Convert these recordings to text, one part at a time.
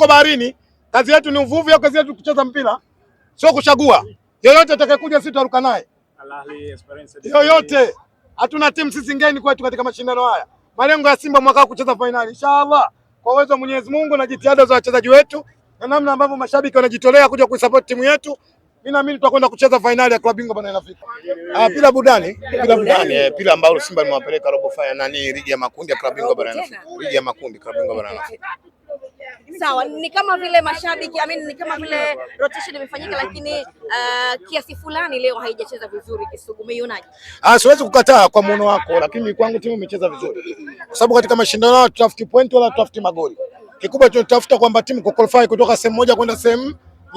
tuko baharini, kazi yetu ni uvuvi au kazi yetu kucheza mpira, sio kuchagua yoyote atakayekuja, sisi tutaruka naye yoyote. Hatuna timu sisi ngeni kwetu katika mashindano haya. Malengo ya Simba mwaka kucheza fainali inshallah, kwa uwezo wa Mwenyezi Mungu na jitihada za wachezaji wetu na namna ambavyo mashabiki wanajitolea kuja kuisupport timu yetu, mimi naamini tutakwenda kucheza fainali ya klabu bingwa barani Afrika. Ah, pila budani, pila budani, eh, pila ambalo Simba limewapeleka robo fainali nani, ligi ya makundi ya klabu bingwa barani Afrika, ligi ya makundi klabu bingwa barani Afrika sawa, ni kama vile mashabiki I mean, ni kama vile rotation imefanyika, lakini uh, kiasi fulani leo haijacheza vizuri. Kisugu, umeionaje? Ah, siwezi kukataa kwa muono wako, lakini kwangu timu imecheza vizuri, kwa sababu katika mashindano hayo tutafuti point wala tutafuti magoli. Kikubwa tunatafuta kwamba timu kuqualify kutoka sehemu moja kwenda sehemu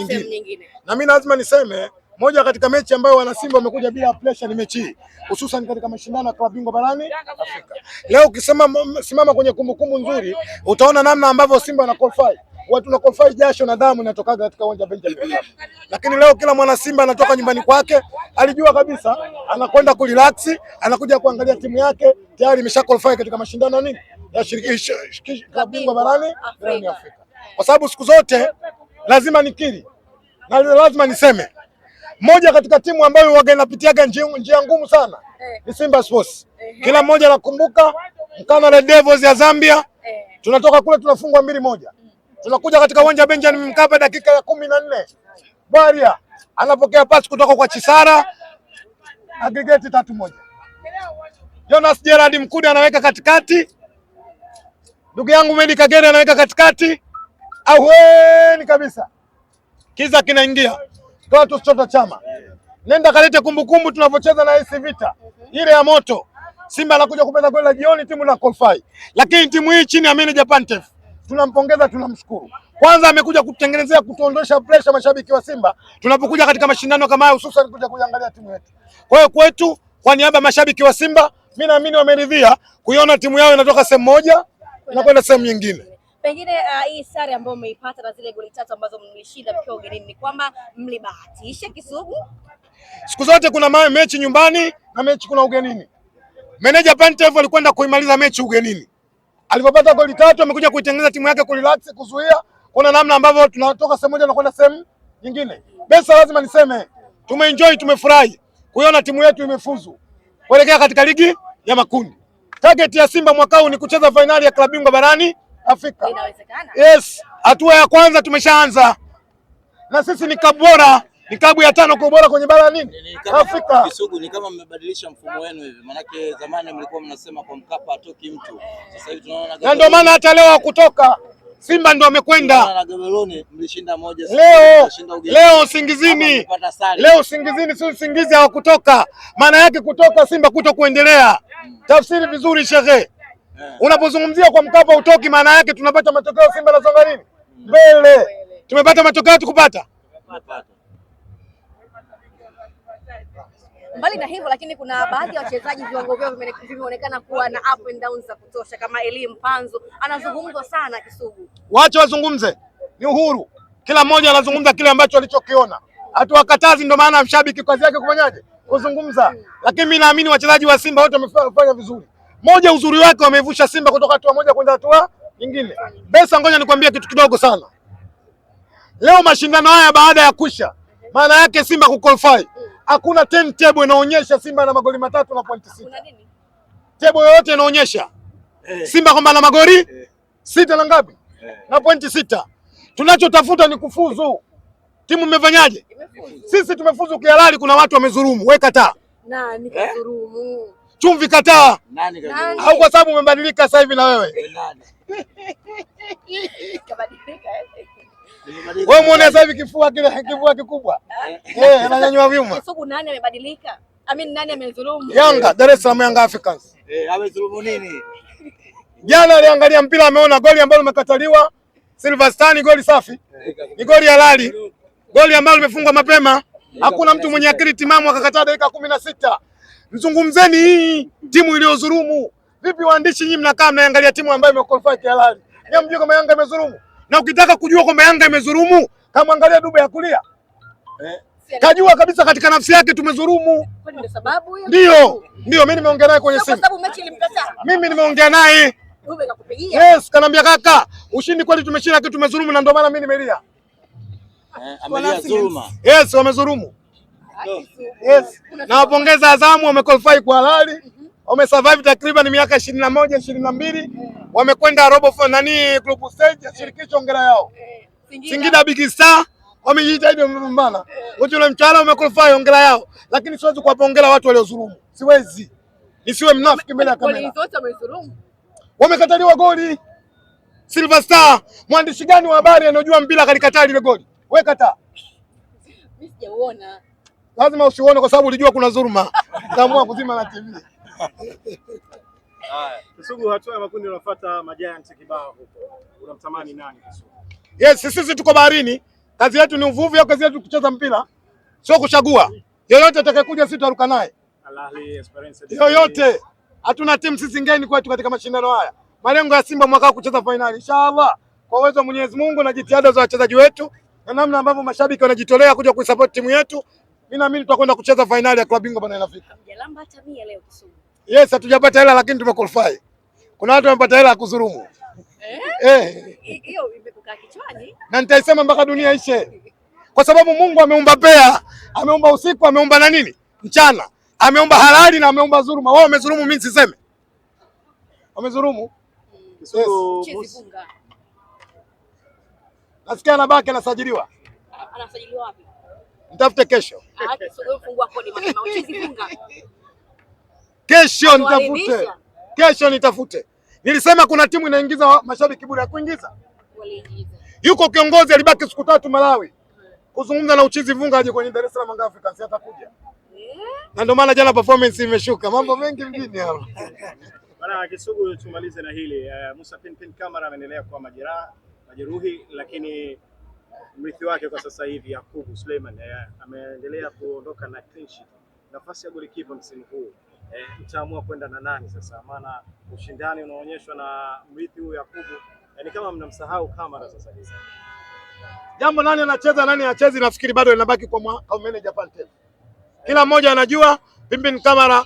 nyingine, na mimi lazima niseme moja katika mechi ambayo wana Simba wamekuja bila pressure ni mechi hii, hususan katika mashindano ya klabu bingwa barani Afrika. Leo ukisema simama kwenye kumbukumbu nzuri, utaona namna ambavyo Simba wana qualify watu na qualify, jasho na damu inatokaga katika uwanja Benjamin. Lakini leo kila mwana Simba anatoka nyumbani kwake, alijua kabisa anakwenda kurelax, anakuja kuangalia timu yake tayari imesha qualify katika mashindano nini ya shirikisho la bingwa barani Afrika, kwa sababu siku zote lazima nikiri na lazima niseme moja katika timu ambayo waga inapitiaga njia ngumu sana eh. ni Simba Sports. Eh. Kila mmoja anakumbuka mkana na Devils ya Zambia, eh. tunatoka kule tunafungwa mbili moja, mm. tunakuja katika uwanja Benjamin Mkapa, dakika ya kumi na nne Bwaria anapokea pasi kutoka kwa Chisara, aggregate tatu moja. Jonas Gerard Mkude anaweka katikati, ndugu yangu Medi Kagere anaweka katikati, ahueni kabisa, kiza kinaingia toa tusichota chama, nenda kalete kumbukumbu tunavyocheza na AS Vita ile ya moto. Simba anakuja kupenda kweli la jioni, timu na qualify, lakini timu hii chini ya manager Pantef tunampongeza tunamshukuru. Kwanza amekuja kutengenezea kutuondosha pressure mashabiki wa Simba tunapokuja katika mashindano kama haya, hususan kuja kuangalia timu yetu. Kwa hiyo kwetu, kwa niaba ya mashabiki wa Simba, mimi naamini wameridhia kuiona timu yao inatoka sehemu moja na kwenda sehemu nyingine. Pengine uh, hii sare ambayo mmeipata na zile goli tatu ambazo mlishinda mkiwa ugenini ni kwamba mlibahatisha Kisugu? Siku zote kuna mawe mechi nyumbani na mechi kuna ugenini. Meneja Pantev alikwenda kuimaliza mechi ugenini, alipopata goli tatu amekuja kuitengeneza timu yake, kurelax, kuzuia. Kuna namna ambavyo tunatoka sehemu moja na kwenda sehemu nyingine. Besa, lazima niseme tumeenjoy, tumefurahi kuiona timu yetu imefuzu kuelekea katika ligi ya makundi. Target ya Simba mwaka huu ni kucheza fainali ya klabu bingwa barani Afrika. Yes, hatua ya kwanza tumeshaanza na sisi ni klabu bora, ni klabu ya tano kwa ubora kwenye bara nini Afrika. Kisugu, ni kama mmebadilisha mfumo wenu hivi, manake zamani mlikuwa mnasema kwa Mkapa hatoki mtu, sasa hivi tunaona na ndio maana hata leo hakutoka Simba ndo amekwenda leo, leo singizini, leo singizini, si usingizi hawakutoka, maana yake kutoka Simba kuto kuendelea. Hmm. Tafsiri vizuri shekhe. Eh. Unapozungumzia kwa Mkapa utoki, maana yake tunapata matokeo Simba nasonga nini mbele. Tumepata matokeo tukupata mbali na hivyo lakini, kuna baadhi ya wachezaji viwango vyao vimeonekana kuwa na up and downs za kutosha, kama Eli Mpanzu anazungumzwa sana Kisugu. Wacha wazungumze, ni uhuru, kila mmoja anazungumza kile ambacho alichokiona, hatuwakatazi. Ndio maana mshabiki kazi yake kufanyaje? Kuzungumza. Lakini mimi naamini wachezaji wa Simba wote wamefanya vizuri moja uzuri wake wameivusha Simba kutoka hatua moja kwenda hatua nyingine. Besa, ngoja nikwambie kitu kidogo sana. Leo mashindano haya baada ya kusha, maana yake Simba kuqualify, hakuna timetable inaonyesha Simba na magoli matatu na pointi sita. Table yoyote inaonyesha eh. Simba kwamba na magoli eh. sita na ngapi eh. na pointi sita. Tunachotafuta ni kufuzu. Timu imefanyaje? Sisi tumefuzu kihalali, kuna watu wamezurumu weka taa na eh? chumvi kataa, au kwa sababu umebadilika sasa hivi na wewe wewe muone sasa hivi kifua kile kifua kikubwa eh. Eh, ananyanyua vyuma. Nani amebadilika? I mean, nani amedhulumu? Yanga, Dar es Salaam Yanga Africans. Eh, amedhulumu nini? Jana aliangalia mpira ameona goli ambalo limekataliwa Silver Star, goli safi, ni goli halali, goli ambalo limefungwa mapema. Hakuna mtu mwenye akili timamu akakataa dakika kumi na sita mzungumzeni hii timu iliyozulumu. Vipi waandishi nyinyi mnakaa mnaangalia timu ambayo imequalify kihalali, mjue kama Yanga imezulumu. Na ukitaka kujua kwamba Yanga imezulumu, kama angalia Dube ya kulia eh. Kajua kabisa katika nafsi yake tumezulumu. Ndio, ndio mimi nimeongea naye kwenye simu, mimi nimeongea naye yes, kanambia kaka, ushindi kweli tumeshinda, kitu tumezulumu, na ndio maana mimi nimelia eh, amelia dhuluma. Yes, wamezulumu. Yes. Nawapongeza Azamu, wamequalify kwa halali, wamesurvive takriban miaka 21, 22. moja wamekwenda robo nani group stage shirikisho, ngera yao Singida Big Star wamejitahidi wamepambana. Wote ule mtaala umekulify ongera yao, lakini siwezi kuwapongeza watu waliodhulumu, siwezi nisiwe mnafiki mbele ya kamera. Wale wote wamezulumu. Wamekataliwa goli Silver Star. Mwandishi gani wa habari anayojua mpira kalikataa lile goli? Wewe kataa. Mimi sijaona lazima usiuone kwa sababu ulijua kuna dhuluma, kaamua kuzima na TV. Haya, Kisugu, hatua ya makundi unafuata majiant kibao huko. Unamtamani nani Kisugu? Yes, sisi tuko baharini, kazi yetu ni uvuvi au kazi yetu kucheza mpira, sio kuchagua yoyote atakayekuja, sisi tutaruka naye yoyote. Hatuna timu sisi ngeni kwetu katika mashindano haya. Malengo ya Simba mwaka huu kucheza fainali inshallah, kwa uwezo wa Mwenyezi Mungu na jitihada za wachezaji wetu na namna ambavyo mashabiki wanajitolea kuja kuisupport timu yetu mimi naamini tutakwenda kucheza fainali ya klabu bingwa bwana inafika. Hujalamba hata mia leo Kisumu. Yes, hatujapata hela lakini tumequalify. Kuna watu wamepata hela ya kuzurumu. Eh? eh. Hiyo imekukaa kichwani. Na nitaisema mpaka dunia ishe. Kwa sababu Mungu ameumba pea ameumba usiku, ameumba na nini? Mchana. Ameumba halali na ameumba dhuluma. Wao wamezurumu mimi siseme. Wamezurumu. Yes. Nasikia anabaki anasajiliwa. Anasajiliwa wapi? Mtafute kesho, kesho nitafute, kesho nitafute. Nilisema kuna timu inaingiza mashabiki bure, ya kuingiza yuko kiongozi alibaki siku tatu Malawi kuzungumza na uchizi vunga aje kwenye Dar es Salaam Yanga Africans atakuja. Eh? Na ndio maana jana performance imeshuka. Mambo mengi mjini hapo Bana Kisugu tumalize na hili. Uh, Musa Pinpin Kamara anaendelea kwa majeraha, majeruhi lakini mrithi wake kwa sasa hivi Yakubu Suleiman eh, ameendelea kuondoka na clean sheet. Nafasi ya golikipa msimu huu mtaamua eh, e, kwenda na nani sasa? Maana ushindani unaonyeshwa na mrithi huyu Yakubu, e, ni kama mnamsahau Kamara sasa hivi. Jambo nani anacheza nani hachezi, nafikiri bado linabaki kwa kwa manager Pantev. Kila mmoja anajua Pimpin Kamara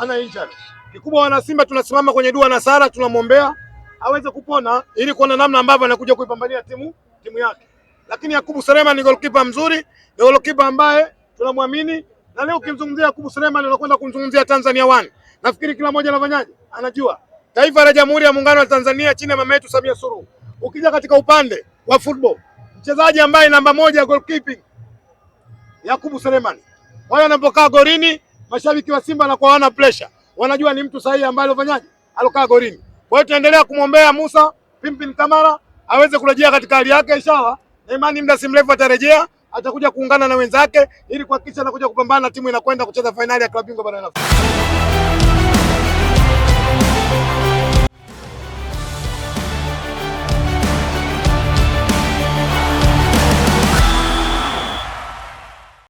ana injury. Kikubwa wana Simba tunasimama kwenye dua na sara, tunamwombea aweze kupona ili kuona namna ambavyo anakuja kuipambania timu timu yake lakini Yakubu Suleiman ni golikipa mzuri, ni golikipa ambaye tunamwamini, na leo ukimzungumzia Yakubu Suleiman unakwenda kumzungumzia Tanzania One. Nafikiri kila mmoja anafanyaje, anajua taifa la Jamhuri ya Muungano wa Tanzania chini ya mama yetu Samia Suluhu. Ukija katika upande wa football, mchezaji ambaye namba moja goalkeeping Yakubu Suleiman. Wale wanapokaa golini, mashabiki wa Simba wanakuwa wana pressure, wanajua ni mtu sahihi ambaye alofanyaje alokaa golini. Kwa hiyo tuendelea kumwombea Musa Pimpin Kamara aweze kurejea katika hali yake inshallah imani muda si mrefu atarejea, atakuja kuungana na wenzake ili kuhakikisha anakuja kupambana na timu inakwenda kucheza fainali ya klabu bingwa barani Afrika.